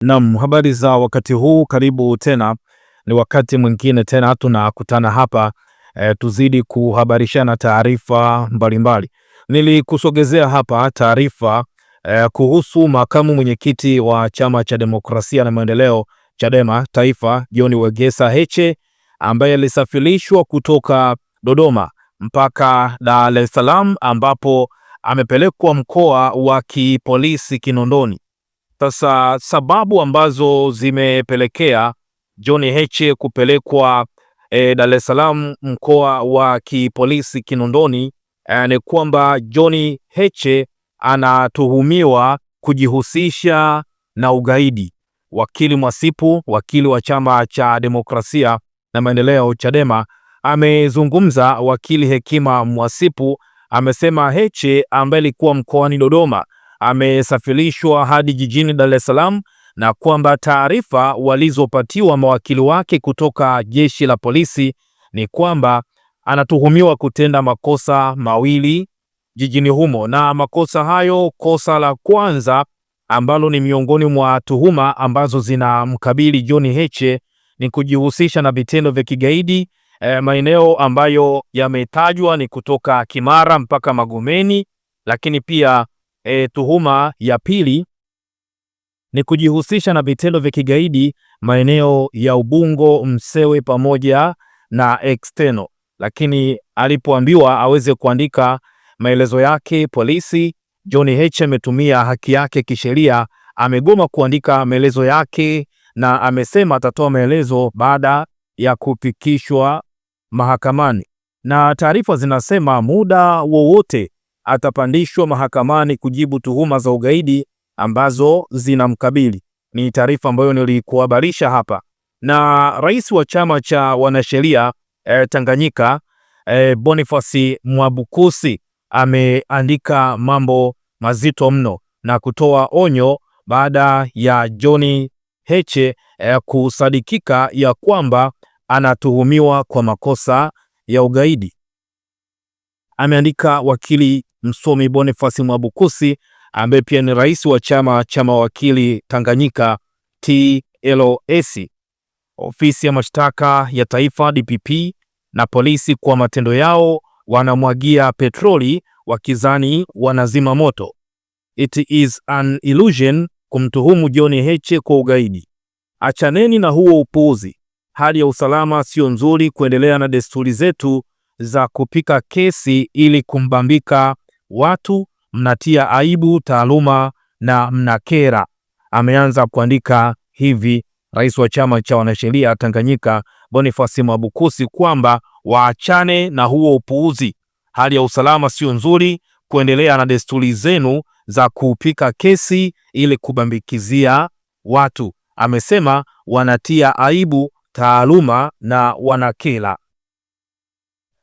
nam habari za wakati huu, karibu tena. Ni wakati mwingine tena tunakutana hapa e, tuzidi kuhabarishana taarifa mbalimbali. Nilikusogezea hapa taarifa e, kuhusu makamu mwenyekiti wa chama cha demokrasia na maendeleo Chadema Taifa, John Wegesa Heche ambaye alisafirishwa kutoka Dodoma mpaka Dar es Salaam ambapo amepelekwa mkoa wa kipolisi Kinondoni sasa sababu ambazo zimepelekea John Heche kupelekwa e, Dar es Salaam mkoa wa kipolisi Kinondoni e, ni kwamba John Heche anatuhumiwa kujihusisha na ugaidi. Wakili Mwasipu, wakili wa chama cha demokrasia na maendeleo Chadema, amezungumza. Wakili Hekima Mwasipu amesema Heche ambaye alikuwa mkoani Dodoma amesafirishwa hadi jijini Dar es Salaam na kwamba taarifa walizopatiwa mawakili wake kutoka jeshi la polisi ni kwamba anatuhumiwa kutenda makosa mawili jijini humo, na makosa hayo, kosa la kwanza ambalo ni miongoni mwa tuhuma ambazo zinamkabili John Heche ni kujihusisha na vitendo vya kigaidi e, maeneo ambayo yametajwa ni kutoka Kimara mpaka Magomeni, lakini pia e, tuhuma ya pili ni kujihusisha na vitendo vya kigaidi maeneo ya Ubungo, Msewe pamoja na External, lakini alipoambiwa aweze kuandika maelezo yake polisi, John Heche ametumia haki yake kisheria, amegoma kuandika maelezo yake na amesema atatoa maelezo baada ya kufikishwa mahakamani, na taarifa zinasema muda wowote atapandishwa mahakamani kujibu tuhuma za ugaidi ambazo zinamkabili. Ni taarifa ambayo nilikuhabarisha hapa, na rais wa chama cha wanasheria e, Tanganyika e, Boniface Mwabukusi ameandika mambo mazito mno na kutoa onyo baada ya John Heche e, kusadikika ya kwamba anatuhumiwa kwa makosa ya ugaidi. Ameandika wakili msomi Boniface Mwabukusi ambaye pia ni rais wa chama cha mawakili Tanganyika TLS, ofisi ya mashtaka ya taifa DPP na polisi kwa matendo yao wanamwagia petroli wakizani wanazima moto. It is an illusion kumtuhumu John Heche kwa ugaidi. Achaneni na huo upuuzi. Hali ya usalama sio nzuri kuendelea na desturi zetu za kupika kesi ili kumbambika watu, mnatia aibu taaluma na mnakera. Ameanza kuandika hivi rais wa chama cha wanasheria Tanganyika Boniface Mwabukusi kwamba waachane na huo upuuzi, hali ya usalama sio nzuri, kuendelea na desturi zenu za kupika kesi ili kubambikizia watu. Amesema wanatia aibu taaluma na wanakela.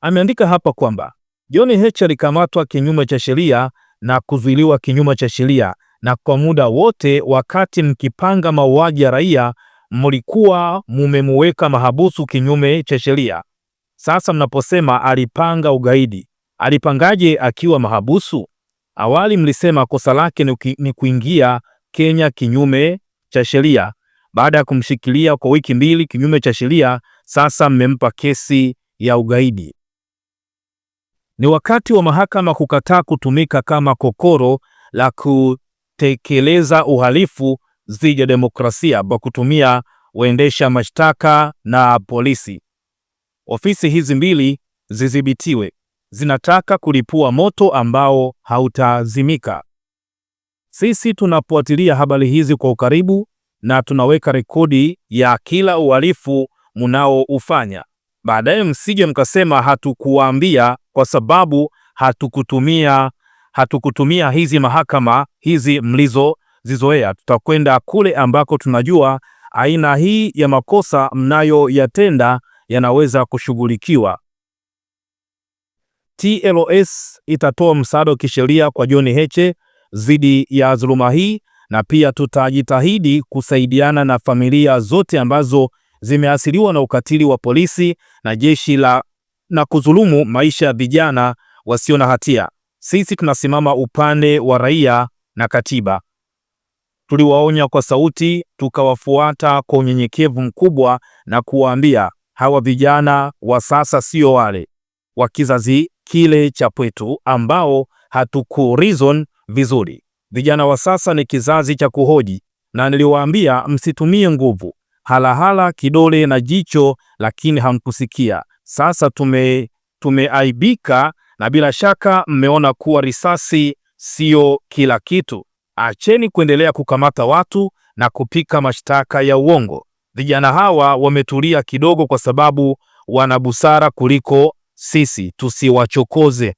Ameandika hapa kwamba John Heche alikamatwa kinyume cha sheria na kuzuiliwa kinyume cha sheria, na kwa muda wote wakati mkipanga mauaji ya raia mlikuwa mumemuweka mahabusu kinyume cha sheria. Sasa mnaposema alipanga ugaidi, alipangaje akiwa mahabusu? Awali mlisema kosa lake ni kuingia Kenya kinyume cha sheria. Baada ya kumshikilia kwa wiki mbili kinyume cha sheria, sasa mmempa kesi ya ugaidi. Ni wakati wa mahakama kukataa kutumika kama kokoro la kutekeleza uhalifu dhidi ya demokrasia kwa kutumia waendesha mashtaka na polisi. Ofisi hizi mbili zidhibitiwe, zinataka kulipua moto ambao hautazimika. Sisi tunafuatilia habari hizi kwa ukaribu na tunaweka rekodi ya kila uhalifu mnaoufanya. Baadaye msije mkasema hatukuwaambia kwa sababu hatukutumia hatukutumia hizi mahakama hizi mlizozizoea. Tutakwenda kule ambako tunajua aina hii ya makosa mnayoyatenda yanaweza kushughulikiwa. TLS itatoa msaada wa kisheria kwa John Heche dhidi ya dhuluma hii, na pia tutajitahidi kusaidiana na familia zote ambazo zimeathiriwa na ukatili wa polisi na jeshi la na kudhulumu maisha ya vijana wasio na hatia. Sisi tunasimama upande wa raia na katiba. Tuliwaonya kwa sauti, tukawafuata kwa unyenyekevu mkubwa na kuwaambia, hawa vijana wa sasa sio wale wa kizazi kile cha kwetu ambao hatuku reason vizuri. Vijana wa sasa ni kizazi cha kuhoji, na niliwaambia msitumie nguvu, halahala, kidole na jicho, lakini hamkusikia. Sasa tume tumeaibika na bila shaka mmeona kuwa risasi siyo kila kitu. Acheni kuendelea kukamata watu na kupika mashtaka ya uongo. Vijana hawa wametulia kidogo kwa sababu wana busara kuliko sisi, tusiwachokoze.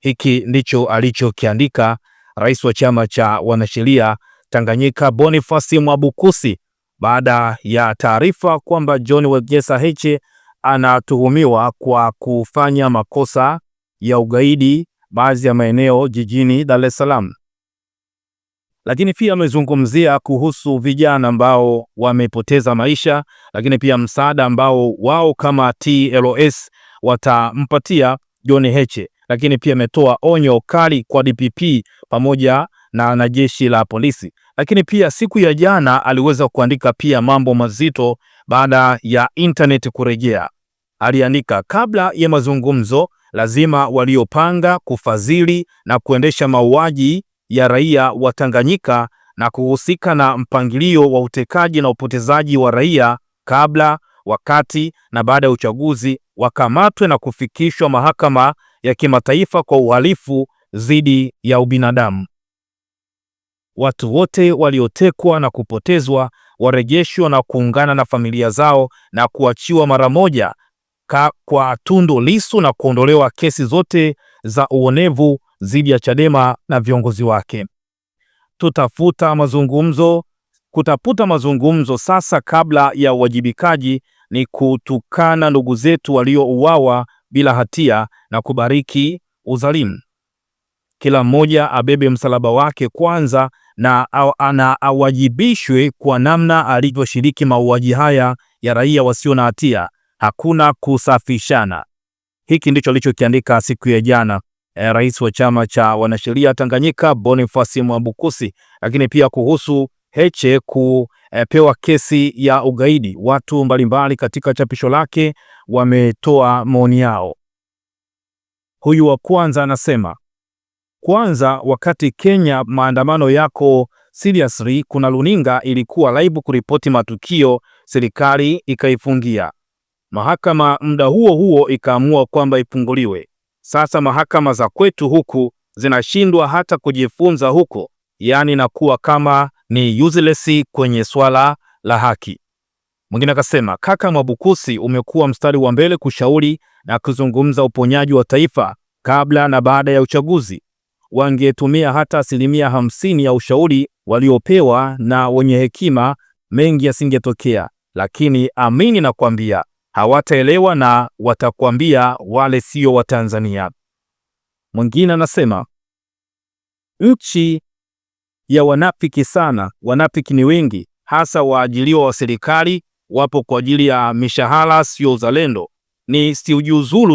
Hiki ndicho alichokiandika rais wa chama cha wanasheria Tanganyika Boniface Mwabukusi baada ya taarifa kwamba John Wegesa Heche anatuhumiwa kwa kufanya makosa ya ugaidi baadhi ya maeneo jijini Dar es Salaam. Lakini pia amezungumzia kuhusu vijana ambao wamepoteza maisha, lakini pia msaada ambao wao kama TLS watampatia John Heche, lakini pia ametoa onyo kali kwa DPP pamoja na na jeshi la polisi. Lakini pia siku ya jana aliweza kuandika pia mambo mazito baada ya internet kurejea aliandika, kabla ya mazungumzo lazima waliopanga kufadhili na kuendesha mauaji ya raia wa Tanganyika na kuhusika na mpangilio wa utekaji na upotezaji wa raia kabla, wakati na baada ya uchaguzi wakamatwe na kufikishwa Mahakama ya Kimataifa kwa Uhalifu dhidi ya Ubinadamu. Watu wote waliotekwa na kupotezwa warejeshwa na kuungana na familia zao na kuachiwa mara moja ka, kwa Tundu Lissu na kuondolewa kesi zote za uonevu dhidi ya Chadema na viongozi wake. Tutafuta mazungumzo, kutafuta mazungumzo sasa kabla ya uwajibikaji ni kutukana ndugu zetu waliouawa bila hatia na kubariki uzalimu Kila mmoja abebe msalaba wake kwanza na ana awajibishwe kwa namna alivyoshiriki mauaji haya ya raia wasio na hatia hakuna kusafishana. Hiki ndicho alichokiandika siku ya jana e, rais wa chama cha wanasheria Tanganyika Boniface Mwabukusi, lakini pia kuhusu Heche kupewa kesi ya ugaidi. Watu mbalimbali katika chapisho lake wametoa maoni yao. Huyu wa kwanza anasema, kwanza, wakati Kenya maandamano yako seriously, kuna luninga ilikuwa laibu kuripoti matukio, serikali ikaifungia. Mahakama muda huo huo ikaamua kwamba ipunguliwe. Sasa mahakama za kwetu huku zinashindwa hata kujifunza huko, yaani nakuwa kama ni useless kwenye swala la haki. Mwingine akasema, kaka Mwabukusi, umekuwa mstari wa mbele kushauri na kuzungumza uponyaji wa taifa kabla na baada ya uchaguzi. Wangetumia hata asilimia hamsini ya ushauri waliopewa na wenye hekima, mengi yasingetokea. Lakini amini nakwambia hawataelewa na watakwambia wale sio Watanzania. Mwingine anasema nchi ya wanafiki sana, wanafiki ni wengi, hasa waajiliwa wa serikali wapo kwa ajili ya mishahara, sio uzalendo. Ni si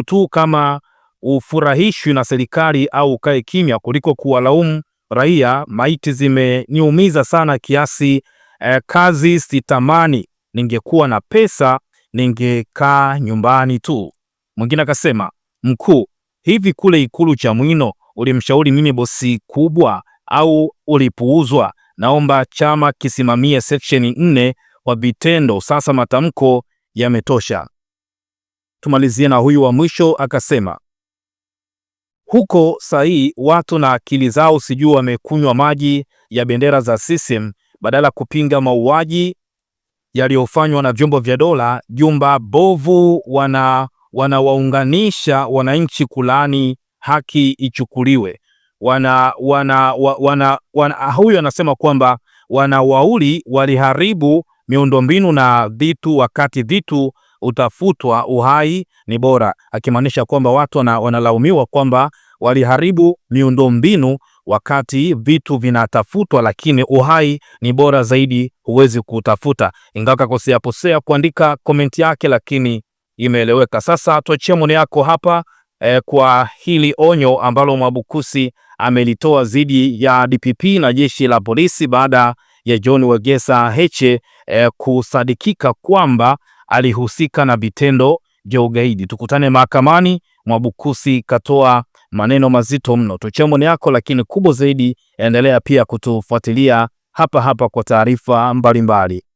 tu kama ufurahishwi na serikali au ukae kimya kuliko kuwalaumu raia. Maiti zimeniumiza sana kiasi eh, kazi sitamani, ningekuwa na pesa ningekaa nyumbani tu. Mwingine akasema, mkuu, hivi kule ikulu cha mwino ulimshauri nini bosi kubwa au ulipuuzwa? Naomba chama kisimamie section 4 kwa vitendo, sasa matamko yametosha. Tumalizie na huyu wa mwisho akasema, huko sahii watu na akili zao sijui wamekunywa maji ya bendera za CCM badala kupinga mauaji yaliyofanywa na vyombo vya dola, jumba bovu, wana wanawaunganisha wananchi kulani haki ichukuliwe. Wana, wana, wana, wana, wana, huyu anasema kwamba wanawauli waliharibu miundombinu na vitu, wakati vitu utafutwa uhai ni bora, akimaanisha kwamba watu wanalaumiwa kwamba waliharibu miundombinu wakati vitu vinatafutwa, lakini uhai ni bora zaidi, huwezi kutafuta Ingawa kakosea posea kuandika komenti yake, lakini imeeleweka. Sasa tuachie maoni yako hapa eh, kwa hili onyo ambalo Mwabukusi amelitoa dhidi ya DPP na jeshi la polisi baada ya John Wegesa Heche eh, kusadikika kwamba alihusika na vitendo vya ugaidi. Tukutane mahakamani. Mwabukusi katoa maneno mazito mno. Tuachie maoni yako, lakini kubwa zaidi, endelea pia kutufuatilia hapa hapa kwa taarifa mbalimbali.